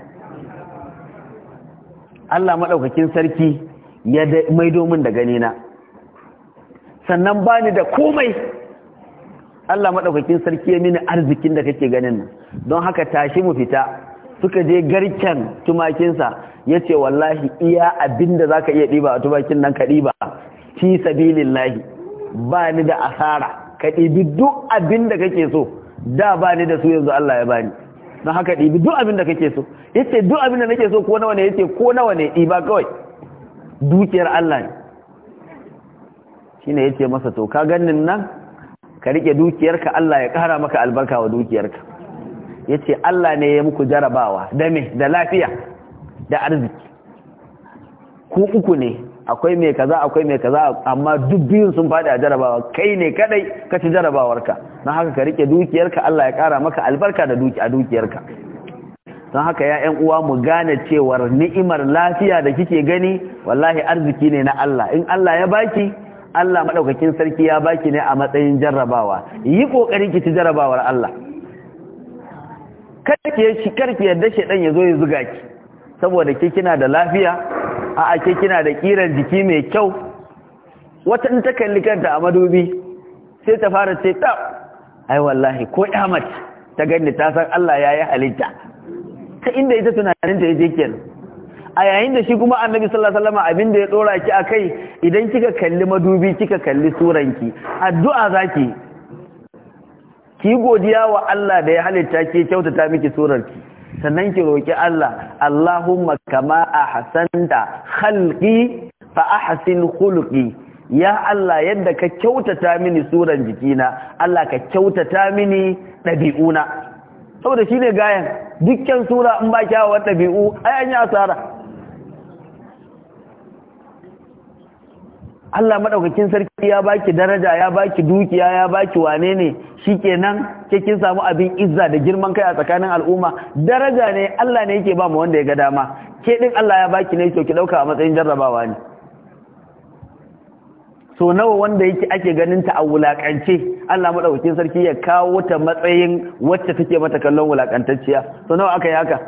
Allah maɗaukakin sarki ya maido min da ganina sannan ba ni da komai Allah maɗaukakin sarki ya mini arzikin da kake ganin nan don haka tashi mu fita suka je garken tumakinsa ya ce wallahi iya abin da za ka iya ɗiba a tumakin nan ka ɗiba fi sabilin lahi ba ni da asara ka ɗibi duk abin da kake so da ba ni da su yanzu Allah ya bani don haka ɗibi duk abin da kake so ya ce duk abin da nake so ko nawa ne ya ce ko nawa ne ɗiba kawai dukiyar Allah ne shine yace masa to ka ganin nan ka rike dukiyarka Allah ya kara maka albarka wa dukiyarka yace Allah ne ya muku jarabawa da me da lafiya da arziki ku uku ne akwai mai kaza akwai mai kaza amma duk biyun sun fadi a jarabawa kai ne kadai ka ci jarabawarka don haka ka rike dukiyarka Allah ya kara maka albarka da duki a dukiyarka don haka ya ƴan uwa mu gane cewar ni'imar lafiya da kike gani wallahi arziki ne na Allah in Allah ya baki Allah madaukakin sarki ya baki ne a matsayin jarrabawa yi ƙoƙarin ki ci jarrabawar Allah karki shi karki yadda ya zo ya zuga ki saboda ke kina da lafiya a ake kina da kiran jiki mai kyau wata in ta kalli kanta a madubi sai ta fara ce ta ai wallahi ko Ahmad. ta gani ta san Allah yayi halitta ta inda ita tunanin ta je kenan a yayin da shi kuma annabi sallallahu alaihi wasallam abin da ya dora ki akai idan kika kalli madubi kika kalli ki addu'a zaki ki godiya wa Allah da ya halitta ki kyautata miki surarki sannan ki roki Allah Allahumma kama ahsanta khalqi fa ahsin khulqi ya Allah yadda ka kyautata mini suran jikina Allah ka kyautata mini dabi'una saboda shine gayan dukkan sura in ba kyawawan dabi'u ai an yi asara Allah madaukakin sarki ya baki daraja ya baki dukiya ya baki wane ne shikenan ke kin samu abin izza da girman kai a tsakanin al'umma daraja ne Allah ne yake ba mu wanda ya ga dama ke din Allah ya baki ne to ki dauka a matsayin jarrabawa ne so nawa wanda yake ake ganin ta a wulakance Allah madaukakin sarki ya kawo ta matsayin wacce take mata kallon wulakantacciya so nawa aka yi haka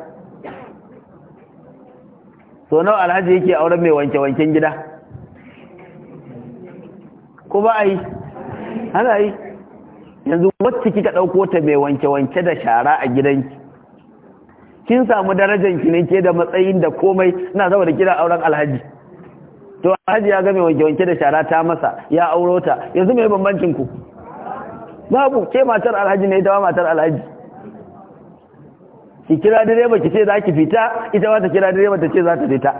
so nawa alhaji yake auren mai wanke wanken gida ko ba a yi ana yi yanzu wacce kika ɗauko ta mai wanke-wanke da shara a gidanki kin samu darajanki ne ke da matsayin da komai na saboda kira auren alhaji to alhaji ya ga mai wanke-wanke da shara ta masa ya auro ta yanzu mai bambancin ku babu ke matar alhaji ne ita matar alhaji ki kira direba ki ce za ki fita ita ma ta kira direba ta ce za ta fita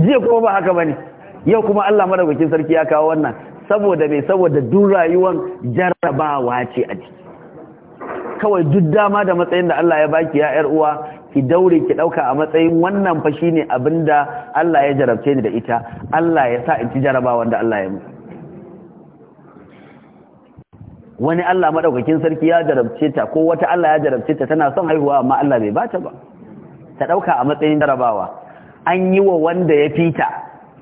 jiya kuma ba haka bane yau kuma Allah madaukakin sarki ya kawo wannan saboda mai saboda duk rayuwan jarrabawa ce a ciki kawai duk dama da matsayin da Allah ya baki ya yar uwa ki daure ki dauka a matsayin wannan fa shine abinda Allah ya jarabce ni da ita Allah ya sa in ci jarrabawan da Allah ya mu wani Allah madaukakin sarki ya jarabce ta ko wata Allah ya jarabce ta tana son haihuwa amma Allah bai bata ba ta dauka a matsayin jarabawa an yi wa wanda ya fita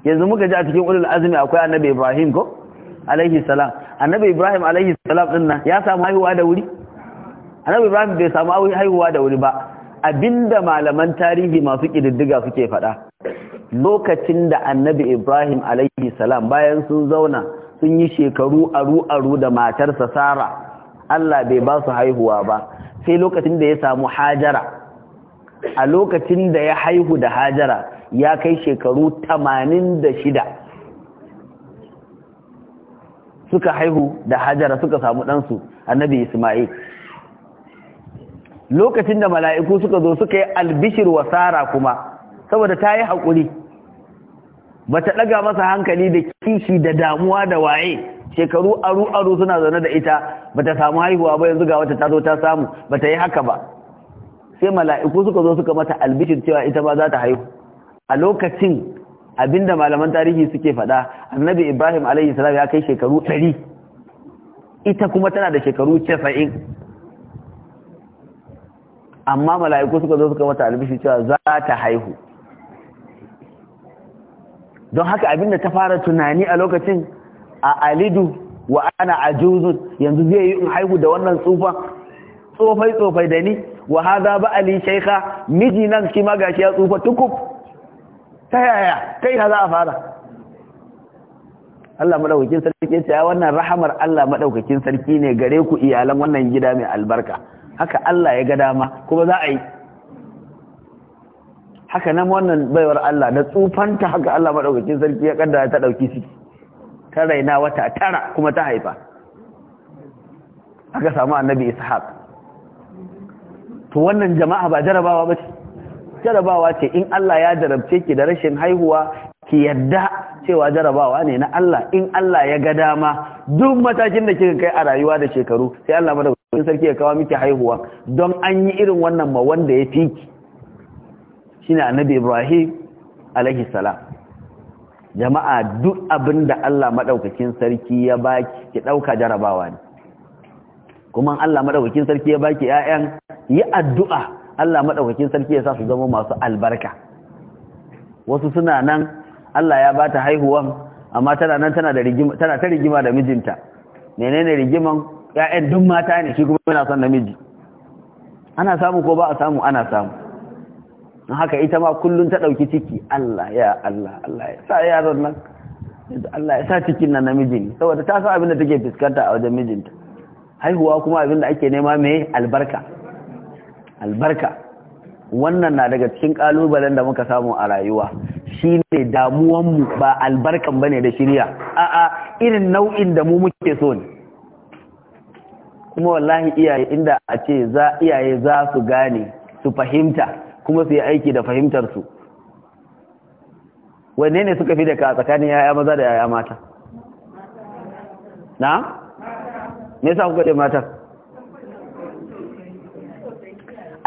yanzu muka ji a cikin ulul azmi akwai annabi Ibrahim ko alaihi salam annabi ibrahim alaihi salam din nan ya samu haihuwa da wuri annabi ibrahim bai samu haihuwa da wuri ba abinda malaman tarihi masu kididdiga suke faɗa lokacin da annabi ibrahim alaihi salam bayan sun zauna sun yi shekaru aru-aru da matarsa sara allah bai ba su haihuwa ba sai lokacin da ya samu hajara a lokacin da ya haihu da hajara ya kai shekaru tamanin da shida. suka haihu da hajara suka samu ɗansu annabi ismail lokacin da mala'iku suka zo suka yi albishir wa sara kuma saboda ta yi haƙuri ba ta ɗaga masa hankali da kishi da damuwa da waye shekaru aru-aru suna zaune da ita ba ta samu haihuwa ba yanzu ga wata ta zo ta samu ba ta yi haka ba sai mala'iku suka zo suka mata albishir cewa ita ba za ta haihu a lokacin abinda malaman tarihi suke faɗa annabi ibrahim alaihi salam ya kai shekaru 100 ita kuma tana da shekaru 90 amma mala'iku suka zo suka mata albishi cewa za ta haihu don haka abinda ta fara tunani a lokacin a alidu wa ana ajuzun yanzu zai yi haihu da wannan tsufa tsofai tsofai da ni wa hada ba ali shaykha miji nan shi ma gashi ya tsufa tukuf? ta yaya ta ina za a fara Allah madaukakin sarki ce wannan rahamar Allah madaukakin sarki ne gare ku iyalan wannan gida mai albarka haka Allah ya ga dama kuma za a yi haka nan wannan baiwar Allah da tsufanta haka Allah madaukakin sarki ya kaddara ta dauki shi ta raina wata tara kuma ta haifa aka samu annabi ishaq to wannan jama'a ba jarabawa ba ce jarabawa ce in Allah ya jarabce ki da rashin haihuwa ki yadda cewa jarabawa ne na Allah in Allah ya ga dama duk matakin da kika kai a rayuwa da shekaru sai Allah madaukakin sarki ya kawo miki haihuwa don an yi irin wannan ma wanda ya fi ki shine annabi Ibrahim alaihi salam jama'a duk abin da Allah madaukakin sarki ya baki ki dauka jarabawa ne kuma Allah madaukakin sarki ya baki ƴaƴan yi addu'a Allah madaukakin sarki ya sa su zama masu albarka wasu suna nan Allah ya bata haihuwan amma tana nan tana da rigima tana ta rigima da mijinta menene rigiman ƴaƴan duk mata ne shi kuma yana son namiji ana samu ko ba a samu ana samu don haka ita ma kullun ta dauki ciki Allah ya Allah Allah ya sa yaron nan Allah ya sa cikin nan namiji ne saboda ta san abin da take fuskanta a wajen mijinta haihuwa kuma abin da ake nema mai albarka albarka wannan na daga cikin kalubalen da muka samu a rayuwa Shi ne damuwanmu ba albarkan ba ne da shirya a'a irin nau'in da mu muke so ne kuma wallahi iyaye inda a ce za iyaye za su gane su fahimta kuma su yi aiki da fahimtarsu su wanne ne suka fi da ka tsakanin yaya maza da yaya mata na me yasa kuka ce mata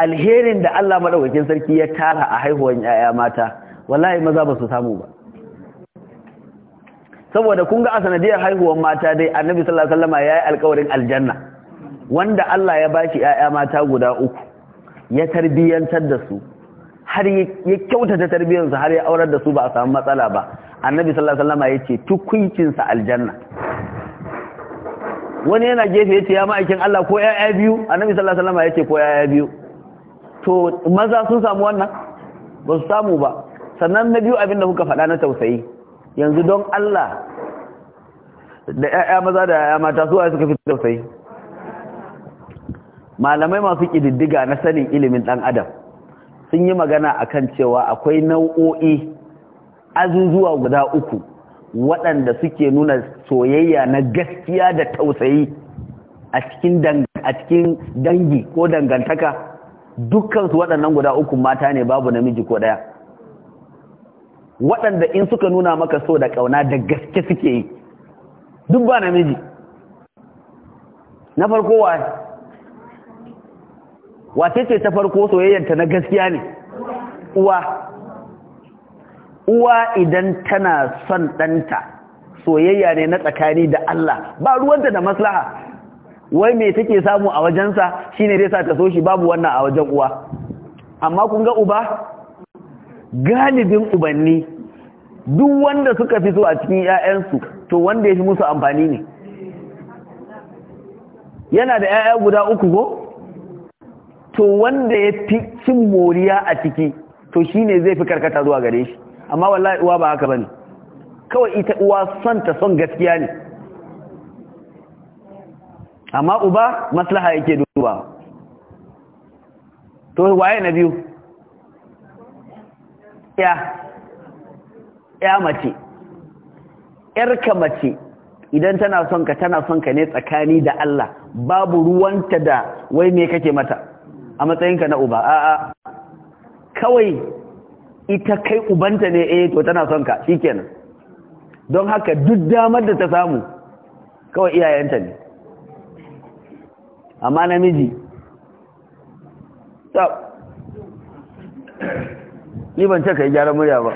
alherin da Allah maɗaukakin sarki ya tara a haihuwan yaya mata wallahi maza ba su samu ba saboda kun ga a sanadiyar haihuwan mata dai annabi sallallahu alaihi wasallama yi alƙawarin aljanna wanda Allah ya bashi yaya mata guda uku ya tarbiyantar da su har ya kyautata tarbiyyansu har ya aurar da su ba a samu matsala ba annabi sallallahu alaihi wasallama yace tukuncinsa aljanna wani yana gefe ya ce ya ma'aikin Allah ko yaya biyu annabi sallallahu alaihi wasallama ce ko yaya biyu to maza sun samu wannan ba su samu ba sannan na biyu abinda kuka faɗa na tausayi yanzu don Allah da yaya maza da ƴaƴa mata su waye suka fi tausayi malamai masu ƙididdiga na sanin ilimin ɗan adam sun yi magana akan cewa akwai nau'o'i azuzuwa guda uku waɗanda suke nuna soyayya na gaskiya da tausayi a cikin dangi ko dangantaka dukkansu waɗannan guda uku mata ne babu namiji ko ɗaya waɗanda in suka nuna maka so da ƙauna da gaske suke yi duk ba namiji na farko wa wace ce ta farko soyayyanta na gaskiya ne uwa uwa idan tana son ɗanta soyayya ne na tsakani da Allah ba ruwanta da maslaha wai me take samu a wajensa shine zai sa ta so shi babu wannan a wajen uwa amma kun ga uba galibin ubanni duk wanda suka fi so a cikin 'ya'yansu to wanda ya fi musu amfani ne yana da 'ya'ya guda uku ko to wanda ya fi cin moriya a ciki to ne zai fi karkata zuwa gare shi amma wallahi uwa ba haka bane kawai ita uwa son ta son gaskiya ne amma uba maslaha yake duba to waye na biyu ya ya mace yarka mace idan tana son ka tana son ka ne tsakani da Allah babu ruwanta da wai me kake mata a matsayinka na uba a'a kawai ita kai ubanta ne eh to tana son ka shikenan don haka duk damar da ta samu kawai iyayenta ne amma namiji tab ni ban ce ka yi gyaran murya ba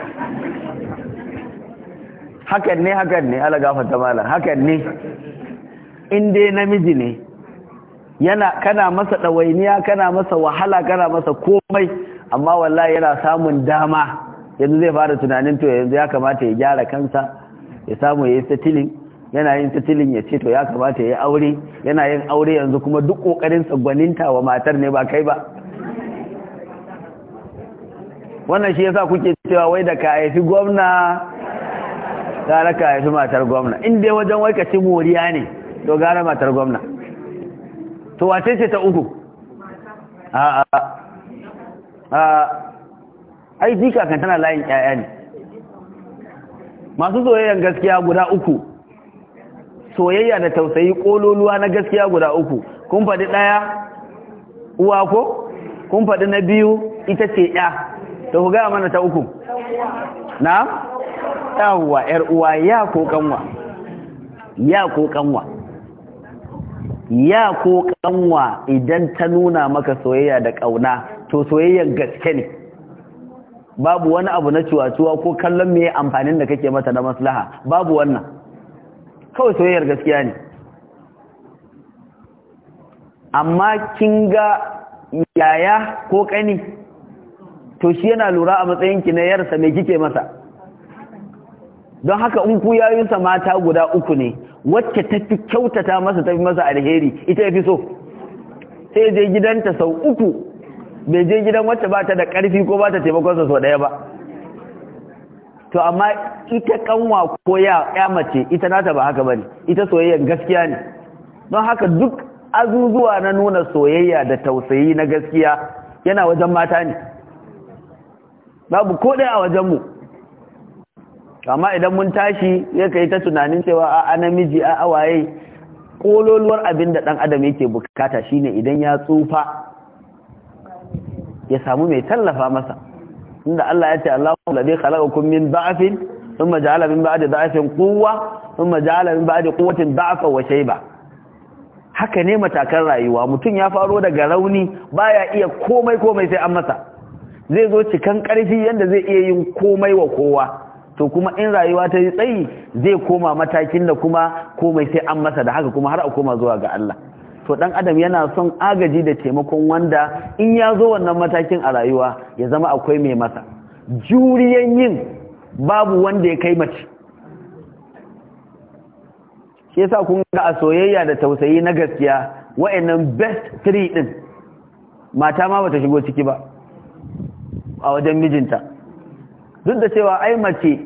hakan ne hakan ne ala gafarta malam hakan ne in dai namiji ne yana kana masa ɗawainiya kana masa wahala kana masa komai amma wallahi yana samun dama yanzu zai fara tunanin to yanzu ya kamata ya gyara kansa ya samu ya yi settling yana yin titilin ya ce to ya kamata ya aure yana yin aure yanzu kuma duk kokarin gwaninta wa matar ne ba kai ba wannan shi yasa kuke cewa wai da ka haifi gwamna gara ka haifi matar gwamna in dai wajen wai ka ci moriya ne to gara matar gwamna to wace ce ta uku a a a ai jika kan tana layin ƴaƴa ne masu soyayyen gaskiya guda uku soyayya da tausayi kololuwa na gaskiya guda uku kun faɗi ɗaya uwa ko kun faɗi na biyu ita ce ɗa ta ku gaya mana ta uku na ɗawuwa ‘yar ya ko ƙanwa, ya ko kanwa ya ko kanwa idan ta nuna maka soyayya da ƙauna to soyayyar gaske ne babu wani abu na cuwa-cuwa ko kallon mai amfanin da kake mata na maslaha babu wannan kawai soyayyar gaskiya ne amma kin ga yaya ko kani to shi yana lura a matsayin ki na yarsa mai kike masa don haka in ku yayinsa mata guda uku ne wacce ta fi kyautata masa ta fi masa alheri ita ya fi so sai je gidanta sau uku bai je gidan wacce ba ta da ƙarfi ko ba ta taimakonsa sau ɗaya ba to amma ita kanwa ko ya ya mace ita nata ba haka bane ita soyayya gaskiya ne don haka duk azuzuwa na nuna soyayya da tausayi na gaskiya yana wajen mata ne babu ko dai a wajen mu amma idan mun tashi ya kai ta tunanin cewa a namiji a awaye kololuwar abin da ɗan adam yake bukata shine idan ya tsufa ya samu mai tallafa masa inda Allah ya ce Allahu alladhi khalaqakum min da'fin thumma ja'ala min ba'di da'fin quwwa thumma ja'ala min ba'di quwwatin da'fa wa shayba haka ne matakan rayuwa mutum ya faro daga rauni baya iya komai komai sai an masa zai zo cikan karfi yanda zai iya yin komai wa kowa to kuma in rayuwa ta yi tsayi zai koma matakin da kuma komai sai an masa da haka kuma har a koma zuwa ga Allah to dan adam yana son agaji da taimakon wanda in ya zo wannan matakin a rayuwa ya zama akwai mai masa juriyan yin babu wanda ya kai mace shi yasa kun ga a soyayya da tausayi na gaskiya wa'annan best three din mata ma bata shigo ciki ba a wajen mijinta duk da cewa ai mace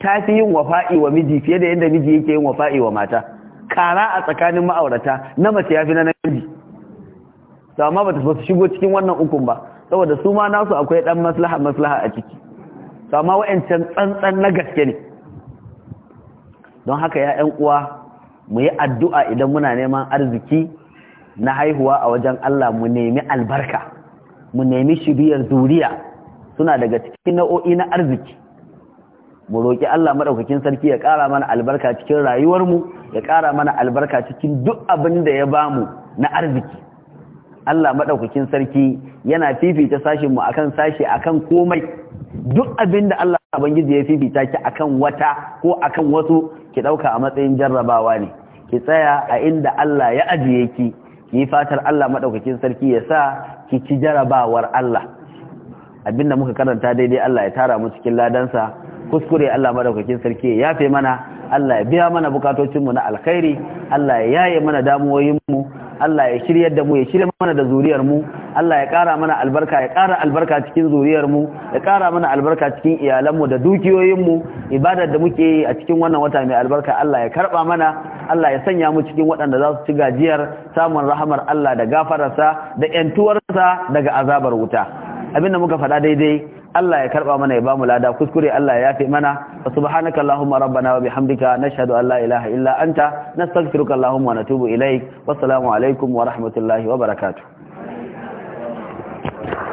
ta fi yin wafa'i wa miji fiye da yadda miji yake yin wafa'i wa mata kara a tsakanin ma'aurata na mace yafi na namiji to amma bata su shigo cikin wannan ukun ba saboda su ma nasu akwai dan maslaha maslaha a ciki to amma wa'ancan tsantsan na gaske ne don haka ya ƴan uwa mu yi addu'a idan muna neman arziki na haihuwa a wajen Allah mu nemi albarka mu nemi shiriyar zuriya suna daga cikin nau'o'i na arziki mu roƙi Allah madaukakin sarki ya ƙara mana albarka cikin rayuwar mu ya ƙara mana albarka cikin duk abin da ya bamu na arziki Allah madaukakin sarki yana fifita sashin mu akan sashi akan komai duk abin da Allah ubangiji ya fifita ki akan wata ko akan wasu ki dauka a matsayin jarrabawa ne ki tsaya a inda Allah ya ajiye ki ki fatar Allah madaukakin sarki ya sa ki ci jarrabawar Allah abinda muka karanta daidai Allah ya tara mu cikin ladansa kuskure Allah madaukakin sarki ya yafe mana Allah ya biya mana bukatocinmu na alkhairi Allah ya yaye mana damuwoyinmu Allah ya shiryar da mu ya shirya mana da zuriyar mu Allah ya kara mana albarka ya kara albarka cikin zuriyarmu. ya kara mana albarka cikin iyalanmu da dukiyoyinmu. mu ibadar da muke yi a cikin wannan wata mai albarka Allah ya karba mana Allah ya sanya mu cikin waɗanda za su ci gajiyar samun rahamar Allah da gafararsa da ƴantuwarsa daga azabar wuta abinda muka faɗa daidai Allah ya karba mana ya bamu lada kuskure Allah ya yafe mana subhanaka allahumma rabbana wa bihamdika nashhadu an la ilaha illa anta nastaghfiruka allahumma wa natubu ilaik wassalamu alaikum wa rahmatullahi wa barakatuh